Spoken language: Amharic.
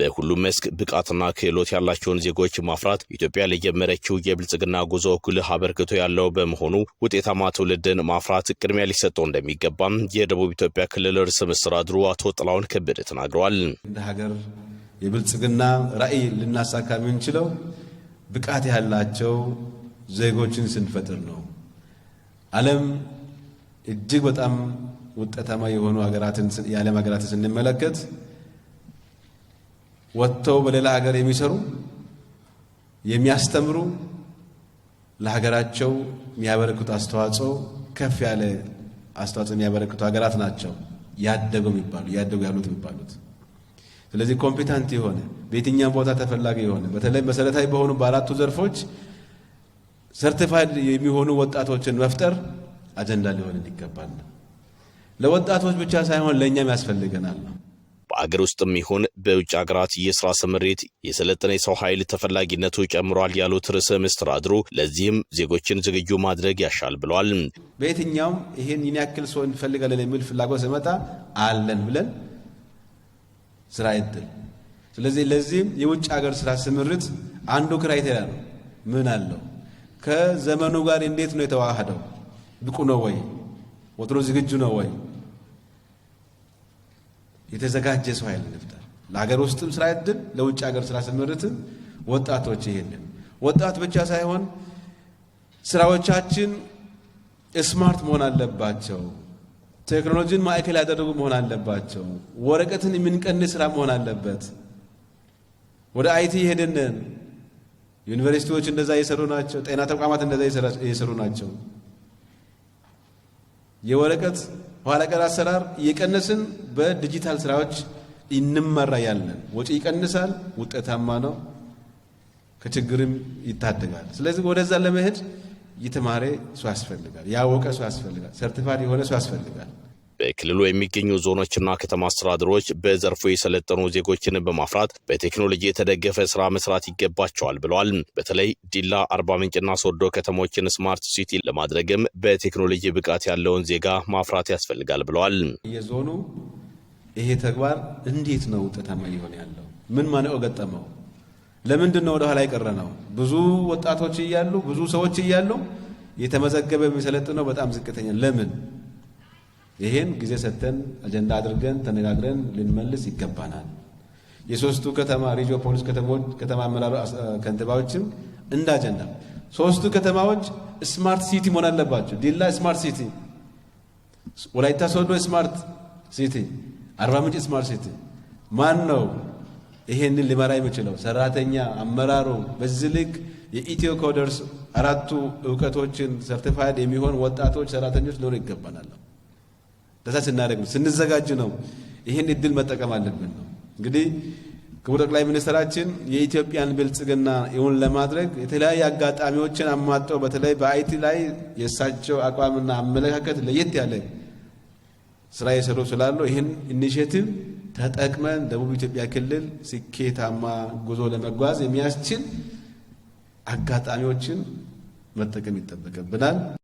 በሁሉም መስክ ብቃትና ክህሎት ያላቸውን ዜጎች ማፍራት ኢትዮጵያ ለጀመረችው የብልጽግና ጉዞ ጉልህ አበርክቶ ያለው በመሆኑ ውጤታማ ትውልድን ማፍራት ቅድሚያ ሊሰጠው እንደሚገባም የደቡብ ኢትዮጵያ ክልል ርዕሰ መስተዳድሩ አቶ ጥላውን ከበደ ተናግረዋል። እንደ ሀገር የብልጽግና ራዕይ ልናሳካ የምንችለው ብቃት ያላቸው ዜጎችን ስንፈጥር ነው። ዓለም እጅግ በጣም ውጤታማ የሆኑ የዓለም ሀገራትን ስንመለከት ወጥተው በሌላ ሀገር የሚሰሩ የሚያስተምሩ ለሀገራቸው የሚያበረክቱ አስተዋጽኦ ከፍ ያለ አስተዋጽኦ የሚያበረክቱ ሀገራት ናቸው ያደጉ የሚባሉ ያደጉ ያሉት የሚባሉት። ስለዚህ ኮምፒታንት የሆነ በየትኛም ቦታ ተፈላጊ የሆነ በተለይ መሰረታዊ በሆኑ በአራቱ ዘርፎች ሰርቲፋይድ የሚሆኑ ወጣቶችን መፍጠር አጀንዳ ሊሆን ይገባል። ለወጣቶች ብቻ ሳይሆን ለእኛም ያስፈልገናል ነው በአገር ውስጥም ይሁን በውጭ አገራት የስራ ስምሪት የሰለጠነ የሰው ኃይል ተፈላጊነቱ ጨምሯል ያሉት ርዕሰ መስተዳድሩ ለዚህም ዜጎችን ዝግጁ ማድረግ ያሻል ብሏል። በየትኛውም ይህን ይህን ያክል ሰው እንፈልጋለን የሚል ፍላጎት ሲመጣ አለን ብለን ስራ ይድል። ስለዚህ ለዚህም የውጭ ሀገር ስራ ስምሪት አንዱ ክራይቴሪያ ነው። ምን አለው? ከዘመኑ ጋር እንዴት ነው የተዋሃደው? ብቁ ነው ወይ? ወትሮ ዝግጁ ነው ወይ? የተዘጋጀ ሰው ኃይል እንፍጠር። ለሀገር ውስጥም ስራ እድል፣ ለውጭ ሀገር ስራ ስምርትም ወጣቶች ይሄንን ወጣት ብቻ ሳይሆን ስራዎቻችን ስማርት መሆን አለባቸው። ቴክኖሎጂን ማዕከል ያደረጉ መሆን አለባቸው። ወረቀትን የምንቀንስ ስራ መሆን አለበት። ወደ አይቲ ሄደንን ዩኒቨርሲቲዎች እንደዛ እየሰሩ ናቸው። ጤና ተቋማት እንደዛ እየሰሩ ናቸው። የወረቀት በኋላ ቀር አሰራር እየቀነስን በዲጂታል ስራዎች እንመራ ያለን ወጪ ይቀንሳል፣ ውጤታማ ነው፣ ከችግርም ይታደጋል። ስለዚህ ወደዛ ለመሄድ የተማረ ሰው ያስፈልጋል፣ ያወቀ ሰው ያስፈልጋል፣ ሰርቲፋይድ የሆነ ሰው ያስፈልጋል። በክልሉ የሚገኙ ዞኖችና ከተማ አስተዳደሮች በዘርፉ የሰለጠኑ ዜጎችን በማፍራት በቴክኖሎጂ የተደገፈ ስራ መስራት ይገባቸዋል ብለዋል። በተለይ ዲላ፣ አርባ ምንጭና ሶዶ ከተሞችን ስማርት ሲቲ ለማድረግም በቴክኖሎጂ ብቃት ያለውን ዜጋ ማፍራት ያስፈልጋል ብለዋል። የዞኑ ይሄ ተግባር እንዴት ነው ውጤታማ እየሆነ ያለው? ምን ማነው ገጠመው? ለምንድን ነው ወደኋላ የቀረ ነው? ብዙ ወጣቶች እያሉ ብዙ ሰዎች እያሉ የተመዘገበ የሚሰለጥነው በጣም ዝቅተኛ ለምን ይሄን ጊዜ ሰጥተን አጀንዳ አድርገን ተነጋግረን ልንመልስ ይገባናል። የሶስቱ ከተማ ሪጂዮ ፖሊስ ከተማ አመራር ከንቲባዎችም እንደ አጀንዳ ሶስቱ ከተማዎች ስማርት ሲቲ መሆን አለባቸው። ዲላ ስማርት ሲቲ፣ ወላይታ ሶዶ ስማርት ሲቲ፣ አርባ ምንጭ ስማርት ሲቲ። ማን ነው ይሄንን ሊመራ የሚችለው? ሰራተኛ አመራሩ በዚህ ልክ የኢትዮ ኮደርስ አራቱ እውቀቶችን ሰርቲፋይድ የሚሆን ወጣቶች ሰራተኞች ሊኖሩ ይገባናል። ለዛ ስናደግ ስንዘጋጅ ነው። ይህን እድል መጠቀም አለብን ነው እንግዲህ ክቡር ጠቅላይ ሚኒስትራችን የኢትዮጵያን ብልጽግና ይሁን ለማድረግ የተለያዩ አጋጣሚዎችን አሟጠው በተለይ በአይቲ ላይ የእሳቸው አቋምና አመለካከት ለየት ያለ ስራ የሰሩ ስላሉ ይህን ኢኒሽቲቭ ተጠቅመን ደቡብ ኢትዮጵያ ክልል ስኬታማ ጉዞ ለመጓዝ የሚያስችል አጋጣሚዎችን መጠቀም ይጠበቅብናል።